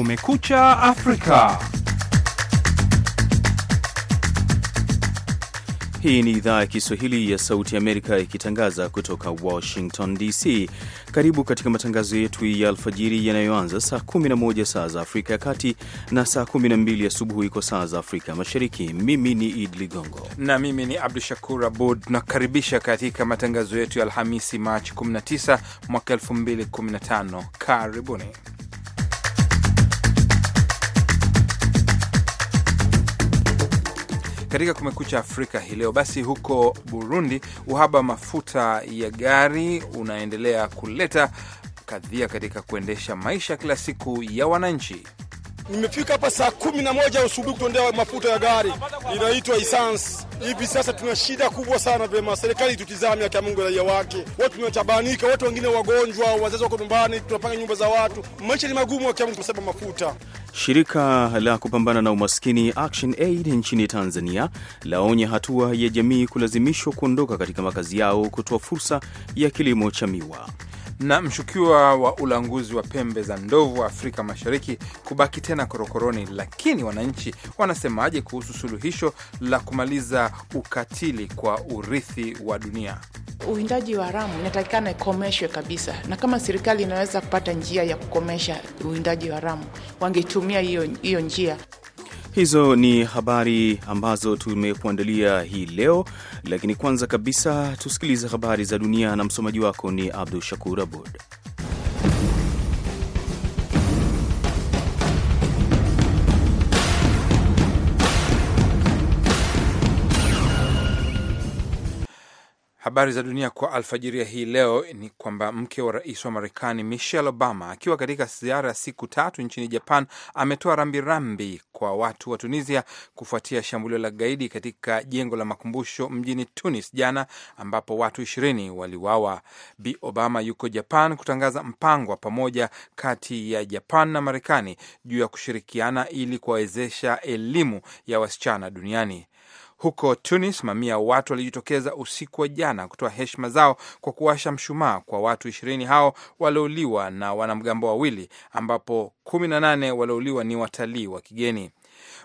Kumekucha Afrika. Hii ni idhaa ya Kiswahili ya Sauti Amerika ikitangaza kutoka Washington DC. Karibu katika matangazo yetu ya alfajiri yanayoanza saa 11 saa za Afrika ya Kati na saa 12 asubuhi kwa saa za Afrika Mashariki. Mimi ni Idi Ligongo na mimi ni Abdu Shakur Abud. Nakaribisha katika matangazo yetu ya Alhamisi, Machi 19 mwaka 2015. Karibuni. katika Kumekucha Afrika hii leo. Basi huko Burundi, uhaba wa mafuta ya gari unaendelea kuleta kadhia katika kuendesha maisha kila siku ya wananchi. Nimefika hapa saa kumi na moja usubuhi kutondea mafuta ya gari inaitwa isansi. Hivi sasa tuna shida kubwa sana, vyema serikali tutizame haki Mungu raia wake. Watu tunachabanika, watu wengine wagonjwa, wazazi wako nyumbani, tunapanga nyumba za watu, maisha ni magumu, haki Mungu tunasema mafuta. Shirika la kupambana na umaskini Action Aid nchini Tanzania laonya hatua ya jamii kulazimishwa kuondoka katika makazi yao kutoa fursa ya kilimo cha miwa. Na mshukiwa wa ulanguzi wa pembe za ndovu wa Afrika Mashariki kubaki tena korokoroni. Lakini wananchi wanasemaje kuhusu suluhisho la kumaliza ukatili kwa urithi wa dunia? Uwindaji wa haramu inatakikana ikomeshwe kabisa, na kama serikali inaweza kupata njia ya kukomesha uwindaji wa haramu wangetumia hiyo njia. Hizo ni habari ambazo tumekuandalia hii leo, lakini kwanza kabisa tusikilize habari za dunia, na msomaji wako ni Abdu Shakur Abud. Habari za dunia kwa alfajiria hii leo ni kwamba mke wa rais wa Marekani Michelle Obama akiwa katika ziara ya siku tatu nchini Japan ametoa rambirambi kwa watu wa Tunisia kufuatia shambulio la gaidi katika jengo la makumbusho mjini Tunis jana ambapo watu ishirini waliuawa. Bi Obama yuko Japan kutangaza mpango wa pamoja kati ya Japan na Marekani juu ya kushirikiana ili kuwawezesha elimu ya wasichana duniani. Huko Tunis, mamia watu walijitokeza usiku wa jana kutoa heshima zao kwa kuwasha mshumaa kwa watu ishirini hao waliouliwa na wanamgambo wawili, ambapo kumi na nane waliouliwa ni watalii wa kigeni.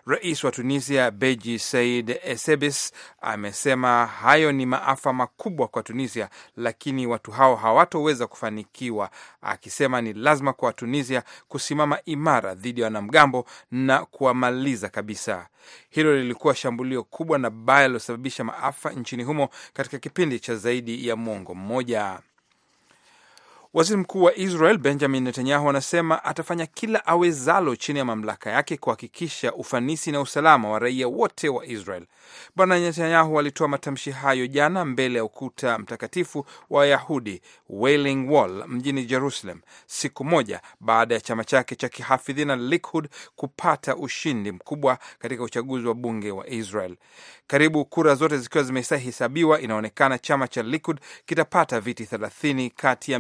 Rais wa Tunisia Beji Said Esebis amesema hayo ni maafa makubwa kwa Tunisia, lakini watu hao hawatoweza kufanikiwa, akisema ni lazima kwa Tunisia kusimama imara dhidi ya wanamgambo na kuwamaliza kabisa. Hilo lilikuwa shambulio kubwa na baya lilosababisha maafa nchini humo katika kipindi cha zaidi ya mwongo mmoja. Waziri mkuu wa Israel Benjamin Netanyahu anasema atafanya kila awezalo chini ya mamlaka yake kuhakikisha ufanisi na usalama wa raia wote wa Israel. Bwana Netanyahu alitoa matamshi hayo jana mbele ya ukuta mtakatifu wa Wayahudi, Wailing Wall, mjini Jerusalem, siku moja baada ya chama chake cha kihafidhina Likud kupata ushindi mkubwa katika uchaguzi wa bunge wa Israel. Karibu kura zote zikiwa zimehesabiwa, inaonekana chama cha Likud kitapata viti 30 kati ya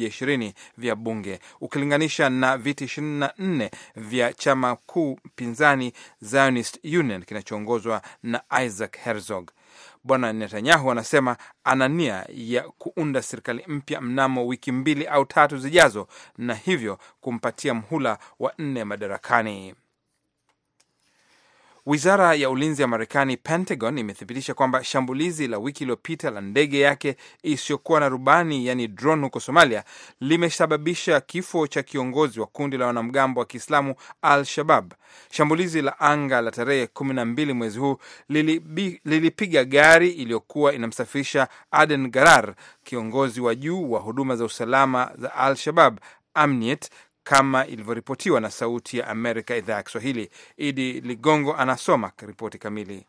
120 vya bunge ukilinganisha na viti 24 vya chama kuu pinzani Zionist Union kinachoongozwa na Isaac Herzog. Bwana Netanyahu anasema ana nia ya kuunda serikali mpya mnamo wiki mbili au tatu zijazo, na hivyo kumpatia mhula wa nne madarakani. Wizara ya ulinzi ya Marekani, Pentagon, imethibitisha kwamba shambulizi la wiki iliyopita la ndege yake isiyokuwa na rubani, yani dron, huko Somalia limesababisha kifo cha kiongozi wa kundi la wanamgambo wa Kiislamu Al Shabab. Shambulizi la anga la tarehe kumi na mbili mwezi huu lilipiga gari iliyokuwa inamsafirisha Aden Garar, kiongozi wa juu wa huduma za usalama za Al Shabab Amniet kama ilivyoripotiwa na Sauti ya Amerika idhaa ya Kiswahili. Idi Ligongo anasoma ripoti kamili.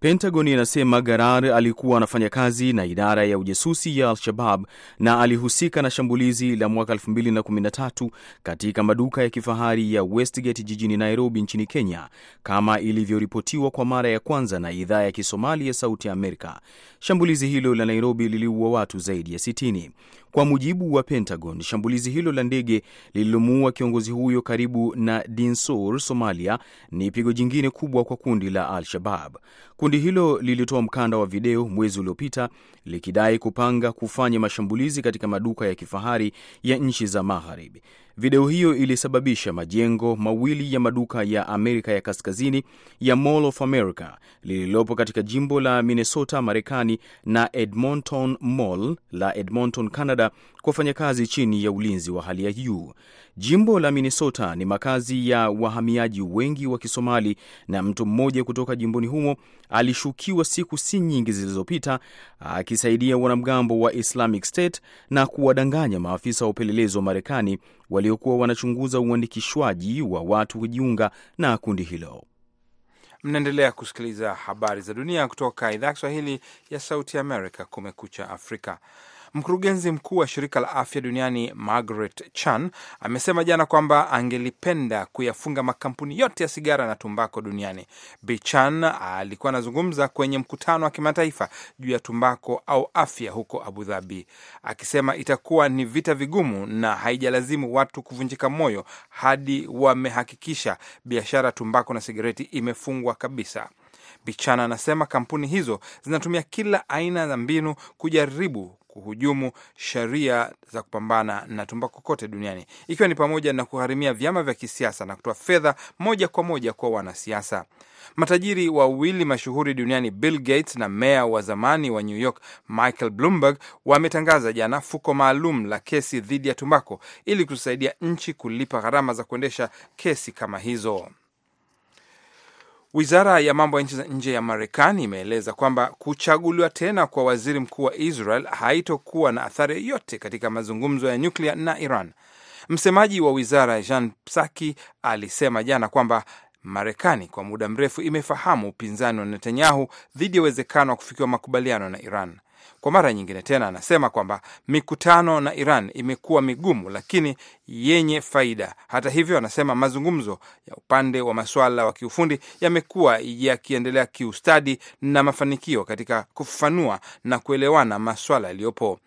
Pentagon inasema Garar alikuwa anafanya kazi na idara ya ujasusi ya Al-Shabab na alihusika na shambulizi la mwaka 2013 katika maduka ya kifahari ya Westgate jijini Nairobi nchini Kenya, kama ilivyoripotiwa kwa mara ya kwanza na idhaa ya Kisomali ya Sauti ya Amerika. Shambulizi hilo la Nairobi liliua watu zaidi ya 60. Kwa mujibu wa Pentagon, shambulizi hilo la ndege lililomuua kiongozi huyo karibu na Dinsor, Somalia, ni pigo jingine kubwa kwa kundi la Al-Shabab. Kundi hilo lilitoa mkanda wa video mwezi uliopita likidai kupanga kufanya mashambulizi katika maduka ya kifahari ya nchi za Magharibi. Video hiyo ilisababisha majengo mawili ya maduka ya Amerika ya Kaskazini ya Mall of America lililopo katika jimbo la Minnesota, Marekani na Edmonton Mall la Edmonton, Canada kufanya kazi chini ya ulinzi wa hali ya juu. Jimbo la Minnesota ni makazi ya wahamiaji wengi wa Kisomali na mtu mmoja kutoka jimboni humo alishukiwa siku si nyingi zilizopita akisaidia wanamgambo wa Islamic State na kuwadanganya maafisa wa upelelezi wa Marekani waliokuwa wanachunguza uandikishwaji wa watu kujiunga na kundi hilo. Mnaendelea kusikiliza habari za dunia kutoka idhaa ya Kiswahili ya Sauti Amerika, Kumekucha Afrika. Mkurugenzi mkuu wa shirika la afya duniani Margaret Chan amesema jana kwamba angelipenda kuyafunga makampuni yote ya sigara na tumbako duniani. Bi Chan alikuwa anazungumza kwenye mkutano wa kimataifa juu ya tumbako au afya huko Abu Dhabi, akisema itakuwa ni vita vigumu na haijalazimu watu kuvunjika moyo hadi wamehakikisha biashara ya tumbako na sigareti imefungwa kabisa. Bichana anasema kampuni hizo zinatumia kila aina za mbinu kujaribu kuhujumu sheria za kupambana na tumbaku kote duniani, ikiwa ni pamoja na kugharimia vyama vya kisiasa na kutoa fedha moja kwa moja kwa wanasiasa. Matajiri wawili mashuhuri duniani Bill Gates na meya wa zamani wa New York Michael Bloomberg wametangaza jana fuko maalum la kesi dhidi ya tumbako ili kusaidia nchi kulipa gharama za kuendesha kesi kama hizo. Wizara ya mambo ya nchi za nje ya Marekani imeeleza kwamba kuchaguliwa tena kwa waziri mkuu wa Israel haitokuwa na athari yoyote katika mazungumzo ya nyuklia na Iran. Msemaji wa wizara Jean Psaki alisema jana kwamba Marekani kwa muda mrefu imefahamu upinzani wa Netanyahu dhidi ya uwezekano wa kufikiwa makubaliano na Iran. Kwa mara nyingine tena anasema kwamba mikutano na Iran imekuwa migumu lakini yenye faida. Hata hivyo, anasema mazungumzo ya upande wa masuala wa kiufundi yamekuwa yakiendelea kiustadi na mafanikio katika kufafanua na kuelewana masuala yaliyopo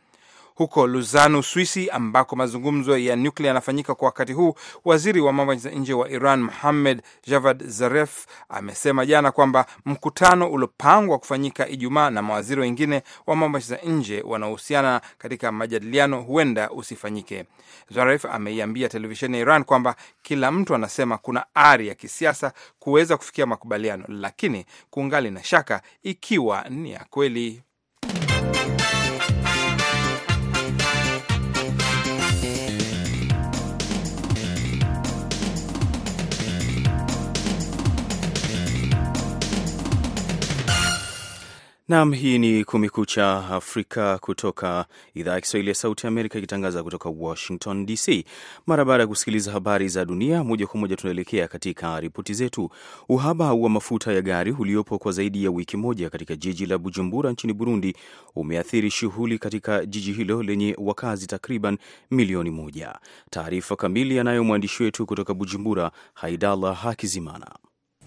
huko Luzanu, Swisi, ambako mazungumzo ya nyuklia yanafanyika kwa wakati huu. Waziri wa mambo ya nje wa Iran Muhammad Javad Zaref amesema jana kwamba mkutano uliopangwa kufanyika Ijumaa na mawaziri wengine wa mambo ya nje wanaohusiana katika majadiliano huenda usifanyike. Zaref ameiambia televisheni ya Iran kwamba kila mtu anasema kuna ari ya kisiasa kuweza kufikia makubaliano, lakini kungali na shaka ikiwa ni ya kweli. Nam, hii ni Kumekucha Afrika kutoka idhaa ya Kiswahili ya Sauti ya Amerika ikitangaza kutoka Washington DC. Mara baada ya kusikiliza habari za dunia moja kwa moja, tunaelekea katika ripoti zetu. Uhaba wa mafuta ya gari uliopo kwa zaidi ya wiki moja katika jiji la Bujumbura nchini Burundi umeathiri shughuli katika jiji hilo lenye wakazi takriban milioni moja. Taarifa kamili anayo mwandishi wetu kutoka Bujumbura, Haidallah Hakizimana.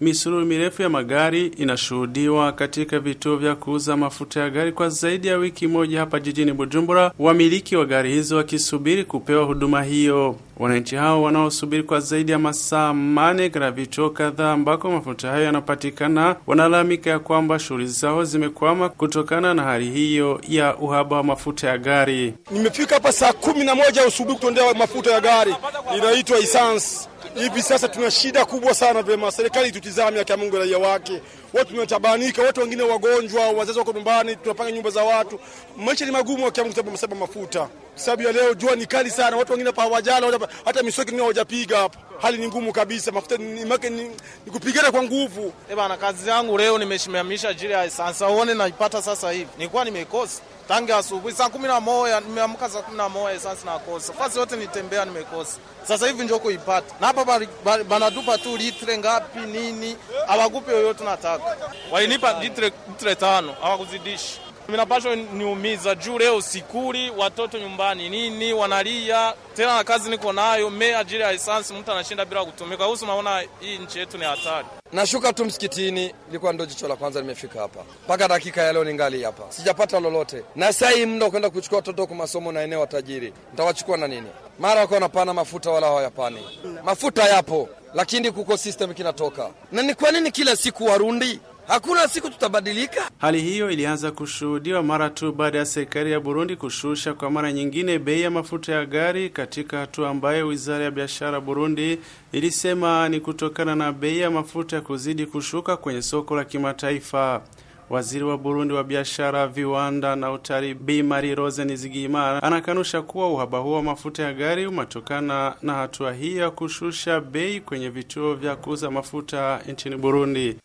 Misururu mirefu ya magari inashuhudiwa katika vituo vya kuuza mafuta ya gari kwa zaidi ya wiki moja hapa jijini Bujumbura, wamiliki wa gari hizo wakisubiri kupewa huduma hiyo. Wananchi hao wanaosubiri kwa zaidi ya masaa mane katika vituo kadhaa ambako mafuta hayo yanapatikana, wanalalamika ya kwamba shughuli zao zimekwama kutokana na hali hiyo ya uhaba wa mafuta ya gari. Nimefika hapa saa kumi na moja usubuhi kutondewa mafuta ya gari, inaitwa isansi Hivi sasa tuna shida kubwa sana vema serikali itutizame, haki ya Mungu, raia wake watu tunatabanika, watu wengine wagonjwa, wazazi wako nyumbani, tunapanga nyumba za watu, maisha ni magumu. Wakiamsaba mafuta sababu ya leo jua ni kali sana, watu wengine pa hawajala hata miswaki hawajapiga hapa. Hali ni ngumu kabisa, mafuta ni, ni, ni kupigana kwa nguvu. Eh bana, kazi yangu leo nimeshimamisha jili ya sasa, uone naipata sasa hivi, nilikuwa nimekosa tangi asubuhi saa kumi na moja nimeamka saa kumi na moja sasa nakosa fasi yote nitembea, nimekosa sasa hivi njo kuipata, na hapa banatupa tu litre ngapi nini, awagupe yoyote nataka. wainipa litre tano awakuzidishi Minapasho niumiza juu leo sikuli watoto nyumbani nini wanalia tena, na kazi niko nayo me ajili ya esansi, mtu anashinda bila kutumika. Husu naona hii nchi yetu ni hatari. Nashuka tu msikitini, ilikuwa ndo jicho la kwanza nimefika hapa, mpaka dakika ya leo ningali hapa, sijapata lolote. Na sahii mdo muda kwenda kuchukua watoto kwa masomo na eneo watajiri, ntawachukua na nini? Mara wako wanapana mafuta, wala hawayapani mafuta yapo, lakini kuko system kinatoka. Na ni kwa nini kila siku Warundi hakuna siku tutabadilika. Hali hiyo ilianza kushuhudiwa mara tu baada ya serikali ya Burundi kushusha kwa mara nyingine bei ya mafuta ya gari, katika hatua ambayo wizara ya biashara Burundi ilisema ni kutokana na bei ya mafuta ya kuzidi kushuka kwenye soko la kimataifa. Waziri wa Burundi wa biashara, viwanda na utalii Bi Marie Rose Nizigiyimana anakanusha kuwa uhaba huo wa mafuta ya gari umetokana na hatua hiyo ya kushusha bei kwenye vituo vya kuuza mafuta nchini Burundi.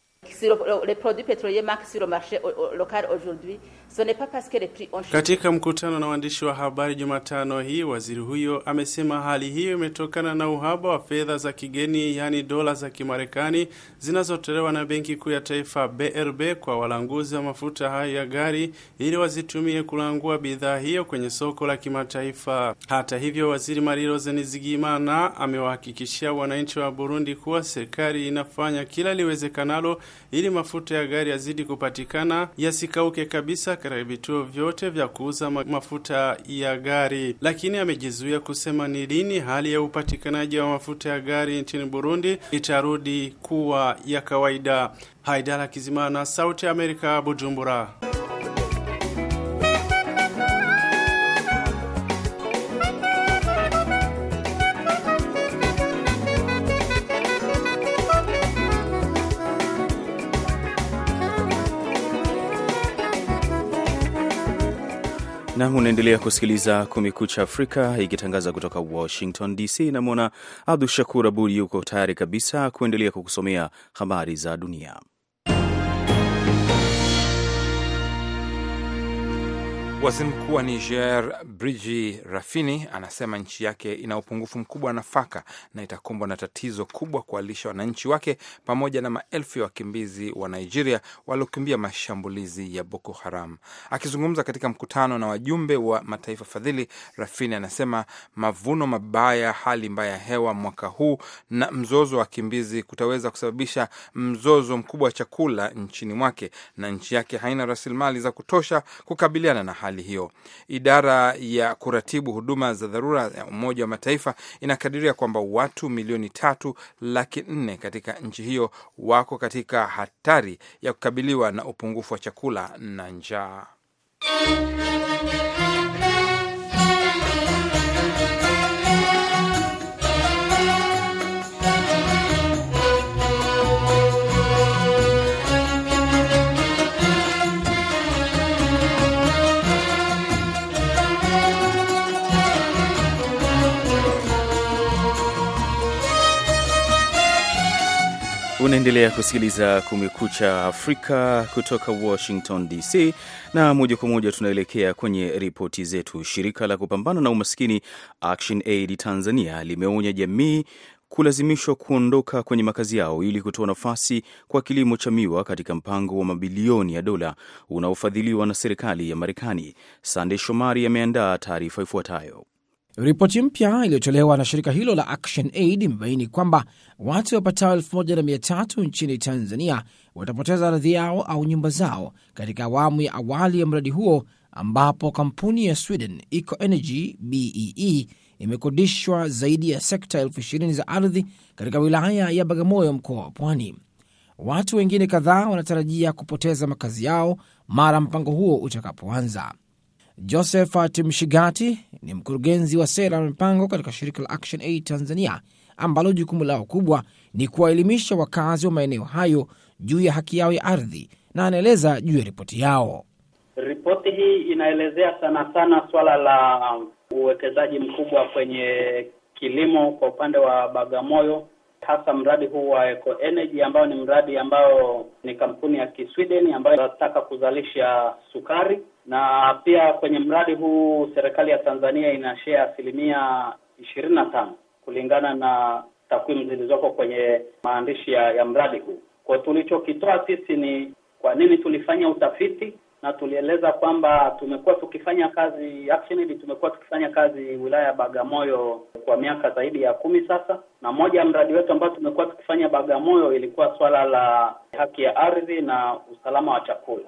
les produits pétroliers marquent sur le marché local aujourd'hui Katika mkutano na waandishi wa habari Jumatano hii, waziri huyo amesema hali hiyo imetokana na uhaba wa fedha za kigeni, yaani dola za Kimarekani zinazotolewa na Benki Kuu ya Taifa BRB kwa walanguzi wa mafuta hayo ya gari ili wazitumie kulangua bidhaa hiyo kwenye soko la kimataifa. Hata hivyo, waziri Marie Rose Nizigimana amewahakikishia wananchi wa Burundi kuwa serikali inafanya kila liwezekanalo ili mafuta ya gari yazidi kupatikana, yasikauke kabisa katika vituo vyote vya kuuza mafuta ya gari, lakini amejizuia kusema ni lini hali ya upatikanaji wa mafuta ya gari nchini Burundi itarudi kuwa ya kawaida. Haidara Kizimana, Sauti ya Amerika, Bujumbura. nam unaendelea kusikiliza Kumekucha Afrika ikitangaza kutoka Washington DC. Namwona Abdu Shakur Abud yuko tayari kabisa kuendelea kukusomea habari za dunia. Waziri mkuu wa Niger briji Rafini anasema nchi yake ina upungufu mkubwa wa nafaka na itakumbwa na tatizo kubwa kuwalisha wananchi wake pamoja na maelfu ya wakimbizi wa Nigeria waliokimbia mashambulizi ya Boko Haram. Akizungumza katika mkutano na wajumbe wa mataifa fadhili, Rafini anasema mavuno mabaya, hali mbaya ya hewa mwaka huu na mzozo wa wakimbizi kutaweza kusababisha mzozo mkubwa wa chakula nchini mwake, na nchi yake haina rasilimali za kutosha kukabiliana na hali hiyo. Idara ya kuratibu huduma za dharura ya Umoja wa Mataifa inakadiria kwamba watu milioni tatu laki nne katika nchi hiyo wako katika hatari ya kukabiliwa na upungufu wa chakula na njaa. Unaendelea kusikiliza Kumekucha Afrika kutoka Washington DC, na moja kwa moja tunaelekea kwenye ripoti zetu. Shirika la kupambana na umaskini Action Aid Tanzania limeonya jamii kulazimishwa kuondoka kwenye makazi yao ili kutoa nafasi kwa kilimo cha miwa katika mpango wa mabilioni ya dola unaofadhiliwa na serikali ya Marekani. Sandey Shomari ameandaa taarifa ifuatayo. Ripoti mpya iliyotolewa na shirika hilo la Action Aid imebaini kwamba watu wapatao elfu moja na mia tatu nchini Tanzania watapoteza ardhi yao au nyumba zao katika awamu ya awali ya mradi huo, ambapo kampuni ya Sweden Eco Energy Bee e, imekodishwa zaidi ya sekta elfu ishirini za ardhi katika wilaya ya Bagamoyo, mkoa wa Pwani. Watu wengine kadhaa wanatarajia kupoteza makazi yao mara mpango huo utakapoanza. Josephat Mshigati ni mkurugenzi wa sera na mipango katika shirika la Action Aid Tanzania ambalo jukumu lao kubwa ni kuwaelimisha wakazi wa maeneo hayo juu ya haki yao ya ardhi, na anaeleza juu ya ripoti yao. Ripoti hii inaelezea sana sana swala la uwekezaji mkubwa kwenye kilimo kwa upande wa Bagamoyo hasa mradi huu wa Eco Energy ambao ni mradi ambao ni kampuni ya Kisweden ambayo inataka kuzalisha sukari, na pia kwenye mradi huu serikali ya Tanzania ina share asilimia ishirini na tano kulingana na takwimu zilizoko kwenye maandishi ya, ya mradi huu. Kwa tulichokitoa sisi ni kwa nini tulifanya utafiti na tulieleza kwamba tumekuwa tukifanya kazi actually, tumekuwa tukifanya kazi wilaya ya Bagamoyo kwa miaka zaidi ya kumi sasa, na moja ya mradi wetu ambao tumekuwa tukifanya Bagamoyo ilikuwa swala la haki ya ardhi na usalama wa chakula.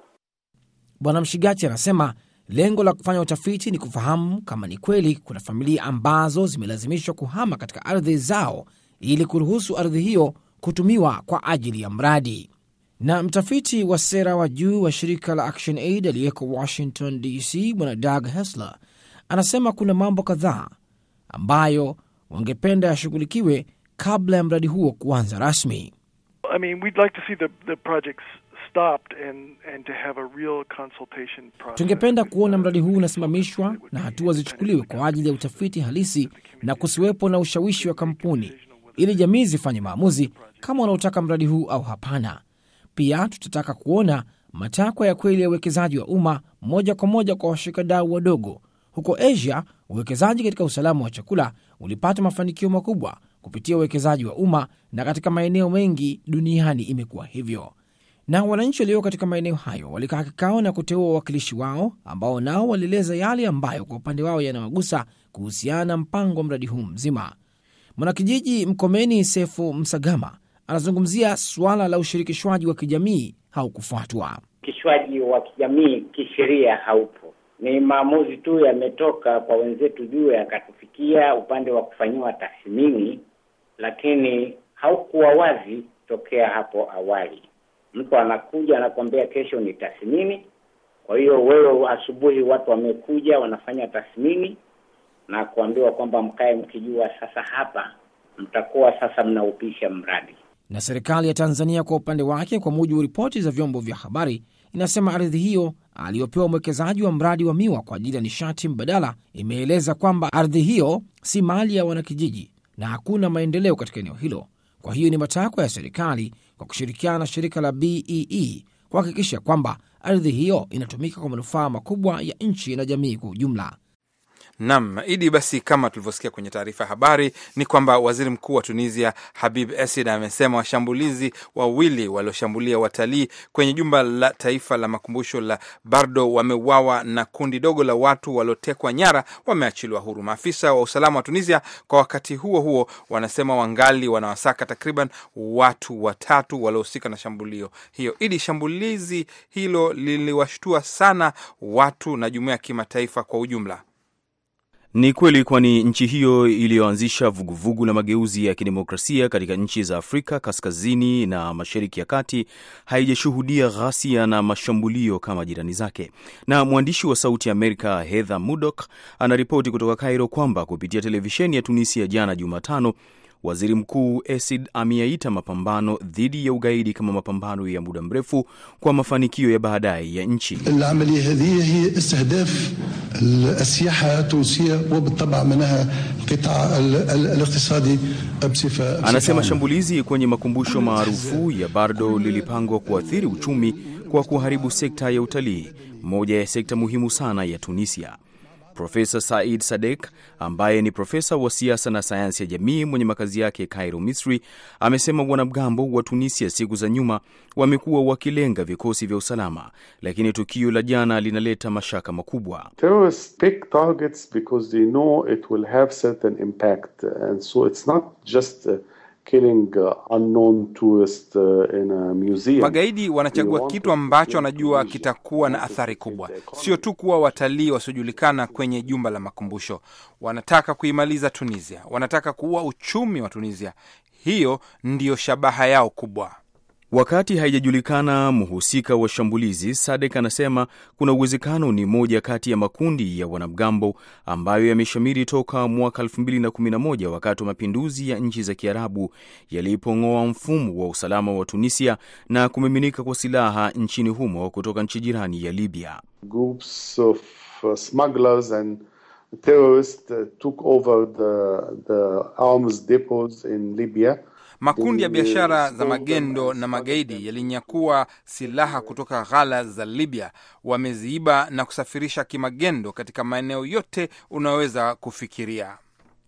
Bwana Mshigati anasema lengo la kufanya utafiti ni kufahamu kama ni kweli kuna familia ambazo zimelazimishwa kuhama katika ardhi zao ili kuruhusu ardhi hiyo kutumiwa kwa ajili ya mradi. Na mtafiti wa sera wa juu wa shirika la Action Aid aliyeko Washington DC, bwana Doug hesler anasema kuna mambo kadhaa ambayo wangependa yashughulikiwe kabla ya mradi huo kuanza rasmi. I mean, we'd like to see the, the Tungependa kuona mradi huu unasimamishwa na hatua zichukuliwe kwa ajili ya utafiti halisi na kusiwepo na ushawishi wa kampuni, ili jamii zifanye maamuzi kama wanaotaka mradi huu au hapana. Pia tutataka kuona matakwa ya kweli ya uwekezaji wa umma moja kwa moja kwa washikadau wadogo. Huko Asia, uwekezaji katika usalama wa chakula ulipata mafanikio makubwa kupitia uwekezaji wa umma, na katika maeneo mengi duniani imekuwa hivyo. Na wananchi walio katika maeneo hayo walikaa kikao na kuteua wawakilishi wao ambao nao walieleza yale ambayo kwa upande wao yanawagusa kuhusiana na mpango wa mradi huu mzima. Mwanakijiji Mkomeni Sefu Msagama anazungumzia suala la ushirikishwaji wa kijamii haukufuatwa. Ushirikishwaji wa kijamii kisheria haupo, ni maamuzi tu yametoka kwa wenzetu juu yakatufikia upande wa kufanyiwa tathmini, lakini haukuwa wazi tokea hapo awali. Mtu anakuja anakuambia kesho ni tathmini. Kwa hiyo wewe, asubuhi watu wamekuja wanafanya tathmini na kuambiwa kwamba mkae mkijua, sasa hapa mtakuwa sasa mnaupisha mradi na serikali ya Tanzania kwa upande wake, kwa mujibu wa ripoti za vyombo vya habari, inasema ardhi hiyo aliyopewa mwekezaji wa mradi wa miwa kwa ajili ya nishati mbadala imeeleza kwamba ardhi hiyo si mali ya wanakijiji na hakuna maendeleo katika eneo hilo. Kwa hiyo ni matakwa ya serikali kwa kushirikiana na shirika la BEE e kuhakikisha kwamba ardhi hiyo inatumika kwa manufaa makubwa ya nchi na jamii kwa ujumla. Nam Idi, basi kama tulivyosikia kwenye taarifa ya habari ni kwamba waziri mkuu wa Tunisia Habib esid amesema washambulizi wawili walioshambulia watalii kwenye jumba la taifa la makumbusho la Bardo wameuawa na kundi dogo la watu waliotekwa nyara wameachiliwa huru. Maafisa wa usalama wa Tunisia kwa wakati huo huo wanasema wangali wanawasaka takriban watu watatu waliohusika na shambulio hiyo. Idi, shambulizi hilo liliwashtua sana watu na jumuiya ya kimataifa kwa ujumla. Ni kweli, kwani nchi hiyo iliyoanzisha vuguvugu la mageuzi ya kidemokrasia katika nchi za Afrika kaskazini na mashariki ya kati haijashuhudia ghasia na mashambulio kama jirani zake. Na mwandishi wa Sauti ya Amerika Heather Mudok anaripoti kutoka Cairo kwamba kupitia televisheni ya Tunisia jana Jumatano Waziri Mkuu Esid ameyaita mapambano dhidi ya ugaidi kama mapambano ya muda mrefu kwa mafanikio ya baadaye ya nchi. Anasema shambulizi kwenye makumbusho maarufu ya Bardo mm. lilipangwa kuathiri uchumi kwa kuharibu sekta ya utalii, moja ya sekta muhimu sana ya Tunisia. Profesa Said Sadek ambaye ni profesa wa siasa na sayansi ya jamii mwenye makazi yake cairo Misri, amesema wanamgambo wa Tunisia siku za nyuma wamekuwa wakilenga vikosi vya usalama, lakini tukio la jana linaleta mashaka makubwa. Killing, uh, unknown tourist, uh, in a museum. Magaidi wanachagua kitu ambacho wanajua kitakuwa na athari kubwa, sio tu kuwa watalii wasiojulikana kwenye jumba la makumbusho. Wanataka kuimaliza Tunisia, wanataka kuua uchumi wa Tunisia. Hiyo ndiyo shabaha yao kubwa. Wakati haijajulikana mhusika wa shambulizi, Sadek anasema kuna uwezekano ni moja kati ya makundi ya wanamgambo ambayo yameshamiri toka mwaka 2011 wakati wa mapinduzi ya nchi za Kiarabu yalipong'oa mfumo wa usalama wa Tunisia na kumiminika kwa silaha nchini humo kutoka nchi jirani ya Libya. Groups of uh, smugglers and terrorists uh, took over the, the arms depots in Libya. Makundi ya biashara za magendo na magaidi yalinyakua silaha kutoka ghala za Libya, wameziiba na kusafirisha kimagendo katika maeneo yote unaweza kufikiria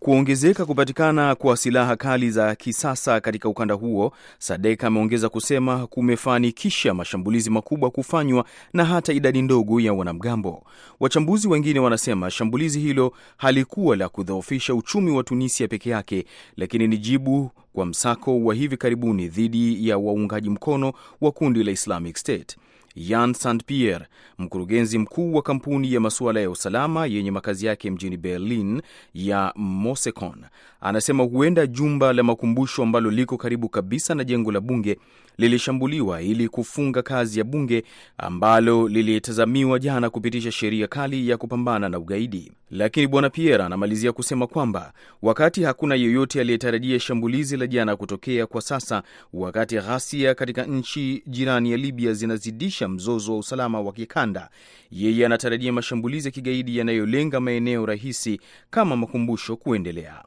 kuongezeka kupatikana kwa silaha kali za kisasa katika ukanda huo, Sadek ameongeza kusema kumefanikisha mashambulizi makubwa kufanywa na hata idadi ndogo ya wanamgambo. Wachambuzi wengine wanasema shambulizi hilo halikuwa la kudhoofisha uchumi wa Tunisia peke yake, lakini ni jibu kwa msako wa hivi karibuni dhidi ya waungaji mkono wa kundi la Islamic State. Yan St Pierre, mkurugenzi mkuu wa kampuni ya masuala ya usalama yenye makazi yake mjini Berlin ya Mosecon, anasema huenda jumba la makumbusho ambalo liko karibu kabisa na jengo la bunge lilishambuliwa ili kufunga kazi ya bunge ambalo lilitazamiwa jana kupitisha sheria kali ya kupambana na ugaidi. Lakini bwana Pierre anamalizia kusema kwamba wakati hakuna yeyote aliyetarajia shambulizi la jana kutokea kwa sasa, wakati ghasia katika nchi jirani ya Libya zinazidisha mzozo wa usalama wa kikanda, yeye anatarajia mashambulizi ya kigaidi yanayolenga maeneo rahisi kama makumbusho kuendelea.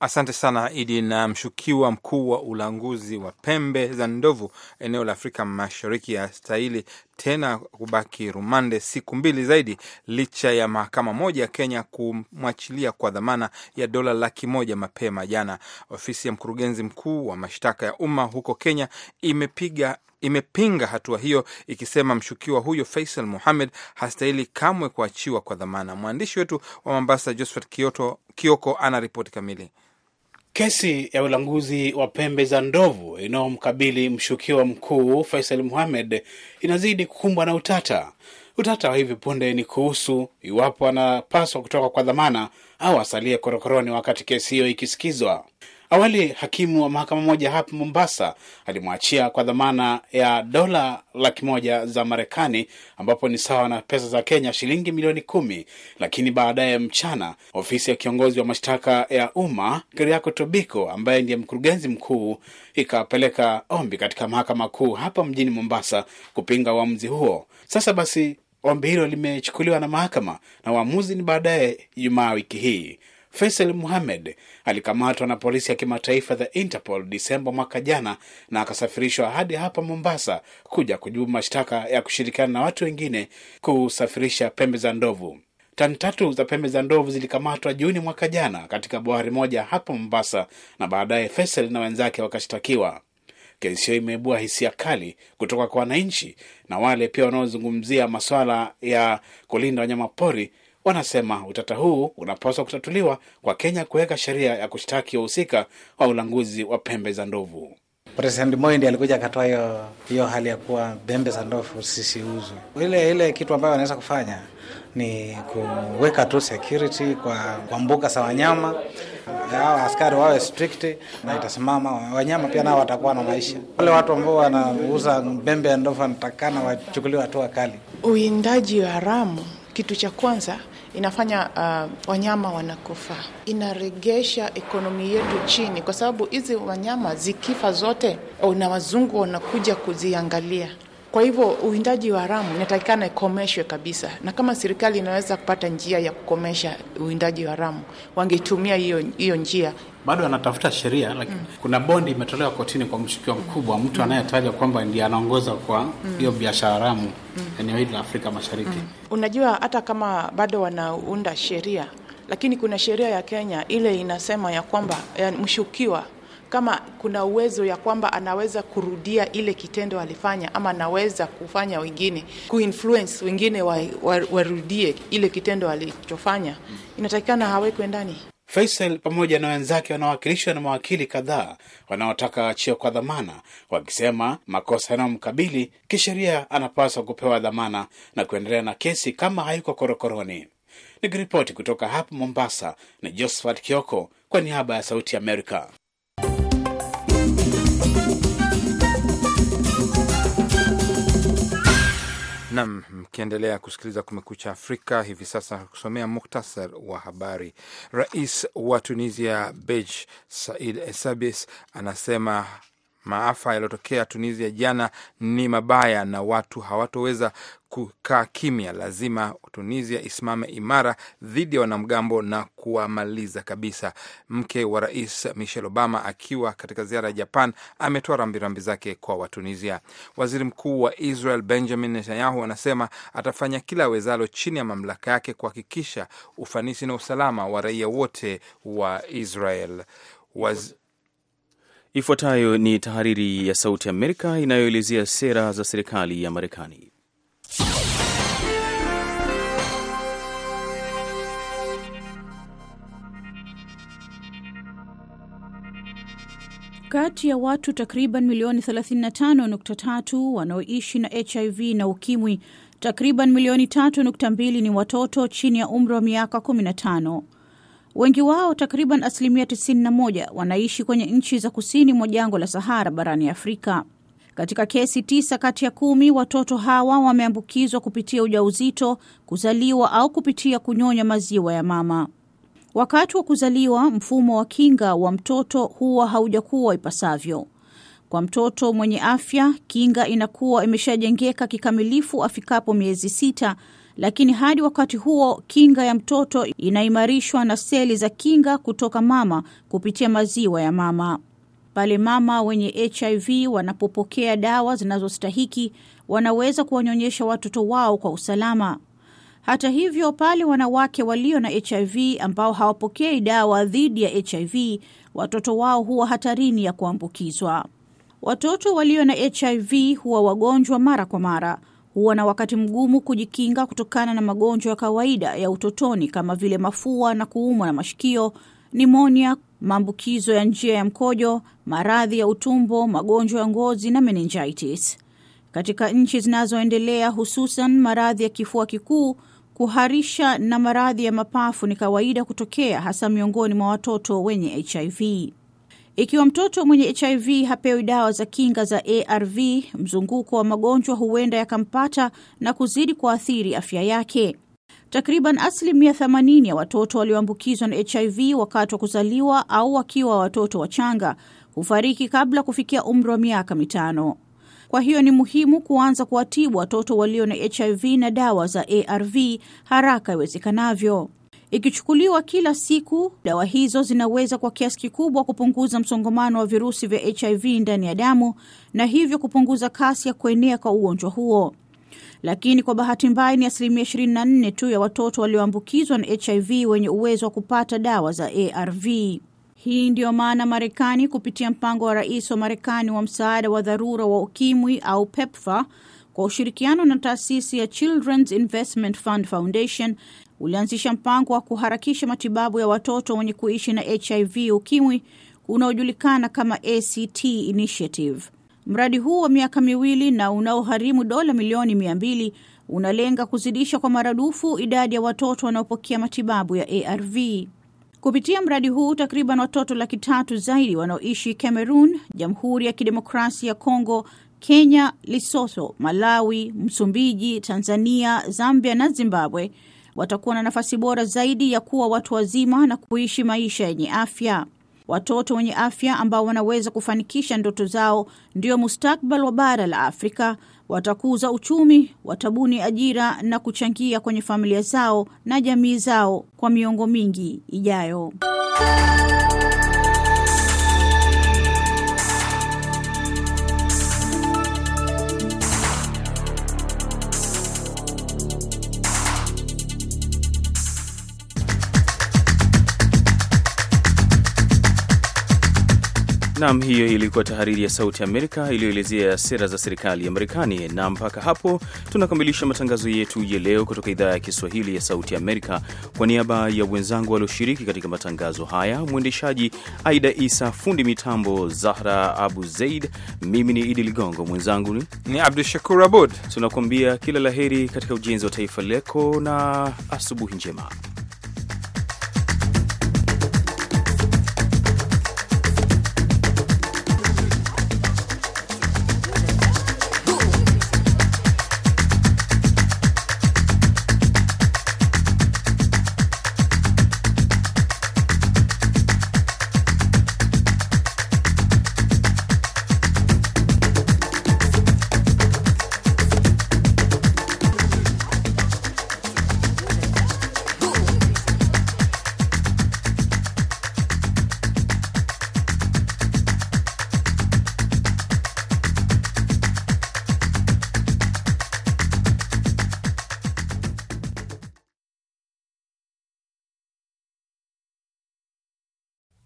Asante sana Idi. Na mshukiwa mkuu wa ulanguzi wa pembe za ndovu eneo la Afrika Mashariki astahili tena kubaki rumande siku mbili zaidi, licha ya mahakama moja ya Kenya kumwachilia kwa dhamana ya dola laki moja mapema jana. Ofisi ya mkurugenzi mkuu wa mashtaka ya umma huko Kenya imepiga imepinga hatua hiyo ikisema mshukiwa huyo Faisal muhamed hastahili kamwe kuachiwa kwa dhamana. Mwandishi wetu wa Mombasa Josephat Kioko ana ripoti kamili. Kesi ya ulanguzi wa pembe za ndovu inayomkabili mshukiwa mkuu Faisal muhamed inazidi kukumbwa na utata. Utata wa hivi punde ni kuhusu iwapo anapaswa kutoka kwa dhamana au asalie korokoroni wakati kesi hiyo ikisikizwa. Awali hakimu wa mahakama moja hapa Mombasa alimwachia kwa dhamana ya dola laki moja za Marekani, ambapo ni sawa na pesa za Kenya shilingi milioni kumi. Lakini baadaye mchana, ofisi ya kiongozi wa mashtaka ya umma Keriako Tobiko, ambaye ndiye mkurugenzi mkuu, ikapeleka ombi katika mahakama kuu hapa mjini Mombasa kupinga uamuzi huo. Sasa basi ombi hilo limechukuliwa na mahakama na uamuzi ni baadaye Ijumaa wiki hii. Faisal Muhamed alikamatwa na polisi ya kimataifa the Interpol Disemba mwaka jana na akasafirishwa hadi hapa Mombasa kuja kujibu mashtaka ya kushirikiana na watu wengine kusafirisha pembe za ndovu. Tani tatu za pembe za ndovu zilikamatwa Juni mwaka jana katika bohari moja hapa Mombasa, na baadaye Faisal na wenzake wakashtakiwa. Kesi hiyo imeibua hisia kali kutoka kwa wananchi na wale pia wanaozungumzia masuala ya kulinda wanyamapori Wanasema utata huu unapaswa kutatuliwa kwa Kenya kuweka sheria ya kushtaki wahusika wa ulanguzi wa pembe za ndovu. President Moi alikuja akatoa hiyo hali ya kuwa pembe za ndovu zisiuzwe. Ile ile kitu ambayo wanaweza kufanya ni kuweka tu security kwa, kwa mbuga za wanyama. Hawa askari wawe strict na itasimama, wanyama pia nao watakuwa na maisha. Wale watu ambao wanauza mbembe ya ndovu wanatakana wachukuliwa hatua kali. wa ramu kitu cha kwanza inafanya uh, wanyama wanakufa, inaregesha ekonomi yetu chini, kwa sababu hizi wanyama zikifa zote na wazungu wanakuja kuziangalia kwa hivyo uwindaji wa haramu inatakikana ikomeshwe kabisa, na kama serikali inaweza kupata njia ya kukomesha uwindaji wa haramu wangetumia hiyo hiyo njia. Bado anatafuta sheria lakini, mm. kuna bondi imetolewa kotini kwa mshukiwa mkubwa, mm. mtu mm. anayetaja kwamba ndiye anaongoza kwa mm. hiyo mm. biashara haramu mm. eneo hili la Afrika Mashariki mm. Unajua, hata kama bado wanaunda sheria, lakini kuna sheria ya Kenya ile inasema ya kwamba mshukiwa kama kuna uwezo ya kwamba anaweza kurudia ile kitendo alifanya, ama anaweza kufanya wengine, kuinfluence wengine warudie wa, wa ile kitendo alichofanya, inatakikana hawekwe ndani. Faisal pamoja na wenzake wanaowakilishwa na mawakili kadhaa wanaotaka achia kwa dhamana, wakisema makosa yanayomkabili kisheria, anapaswa kupewa dhamana na kuendelea na kesi kama haiko korokoroni. Nikiripoti kutoka hapa Mombasa ni Josephat Kioko kwa niaba ya Sauti Amerika. Nam, mkiendelea kusikiliza Kumekucha Afrika hivi sasa, kusomea muktasar wa habari. Rais wa Tunisia Bej Said Esabis anasema maafa yaliyotokea Tunisia jana ni mabaya na watu hawatoweza kukaa kimya. Lazima Tunisia isimame imara dhidi ya wanamgambo na kuwamaliza kabisa. Mke wa rais Michelle Obama akiwa katika ziara ya Japan ametoa rambirambi zake kwa Watunisia. Waziri mkuu wa Israel Benjamin Netanyahu anasema atafanya kila awezalo chini ya mamlaka yake kuhakikisha ufanisi na usalama wa raia wote wa Israel. Waz... Ifuatayo ni tahariri ya Sauti Amerika inayoelezea sera za serikali ya Marekani. Kati ya watu takriban milioni 35.3 wanaoishi na HIV na ukimwi, takriban milioni 3.2 ni watoto chini ya umri wa miaka 15. Wengi wao, takriban asilimia 91, wanaishi kwenye nchi za kusini mwa jangwa la Sahara barani Afrika. Katika kesi tisa kati ya kumi watoto hawa wameambukizwa kupitia ujauzito, kuzaliwa au kupitia kunyonya maziwa ya mama. Wakati wa kuzaliwa, mfumo wa kinga wa mtoto huwa haujakuwa ipasavyo. Kwa mtoto mwenye afya, kinga inakuwa imeshajengeka kikamilifu afikapo miezi sita, lakini hadi wakati huo kinga ya mtoto inaimarishwa na seli za kinga kutoka mama kupitia maziwa ya mama. Pale mama wenye HIV wanapopokea dawa zinazostahiki, wanaweza kuwanyonyesha watoto wao kwa usalama. Hata hivyo, pale wanawake walio na HIV ambao hawapokei dawa dhidi ya HIV, watoto wao huwa hatarini ya kuambukizwa. Watoto walio na HIV huwa wagonjwa mara kwa mara, huwa na wakati mgumu kujikinga kutokana na magonjwa ya kawaida ya utotoni kama vile mafua na kuumwa na mashikio nimonia, maambukizo ya njia ya mkojo, maradhi ya utumbo, magonjwa ya ngozi na meningitis. Katika nchi zinazoendelea, hususan maradhi ya kifua kikuu, kuharisha na maradhi ya mapafu ni kawaida kutokea, hasa miongoni mwa watoto wenye HIV. Ikiwa mtoto mwenye HIV hapewi dawa za kinga za ARV, mzunguko wa magonjwa huenda yakampata na kuzidi kuathiri afya yake. Takriban asilimia 80 ya watoto walioambukizwa na HIV wakati wa kuzaliwa au wakiwa watoto wachanga hufariki kabla kufikia umri wa miaka mitano. Kwa hiyo ni muhimu kuanza kuwatibu watoto walio na HIV na dawa za ARV haraka iwezekanavyo. Ikichukuliwa kila siku, dawa hizo zinaweza kwa kiasi kikubwa kupunguza msongamano wa virusi vya HIV ndani ya damu na hivyo kupunguza kasi ya kuenea kwa ugonjwa huo. Lakini kwa bahati mbaya ni asilimia 24 tu ya watoto walioambukizwa na HIV wenye uwezo wa kupata dawa za ARV. Hii ndiyo maana Marekani kupitia mpango wa rais wa Marekani wa msaada wa dharura wa ukimwi au pepfa kwa ushirikiano na taasisi ya Children's Investment Fund Foundation ulianzisha mpango wa kuharakisha matibabu ya watoto wenye kuishi na HIV ukimwi unaojulikana kama ACT Initiative. Mradi huu wa miaka miwili na unaoharimu dola milioni mia mbili unalenga kuzidisha kwa maradufu idadi ya watoto wanaopokea matibabu ya ARV. Kupitia mradi huu takriban watoto laki tatu zaidi wanaoishi Cameroon, Jamhuri ya Kidemokrasia ya Kongo, Kenya, Lesotho, Malawi, Msumbiji, Tanzania, Zambia na Zimbabwe watakuwa na nafasi bora zaidi ya kuwa watu wazima na kuishi maisha yenye afya. Watoto wenye afya ambao wanaweza kufanikisha ndoto zao ndio mustakbal wa bara la Afrika. Watakuza uchumi, watabuni ajira na kuchangia kwenye familia zao na jamii zao kwa miongo mingi ijayo. Nam, hiyo ilikuwa tahariri ya Sauti Amerika iliyoelezea sera za serikali ya Marekani. Na mpaka hapo tunakamilisha matangazo yetu ya leo kutoka idhaa ya Kiswahili ya Sauti Amerika. Kwa niaba ya wenzangu walioshiriki katika matangazo haya, mwendeshaji Aida Isa, fundi mitambo Zahra Abu Zeid, mimi ni Idi Ligongo, mwenzangu ni Abdu Shakur Abud. Tunakuambia kila la heri katika ujenzi wa taifa leko na asubuhi njema.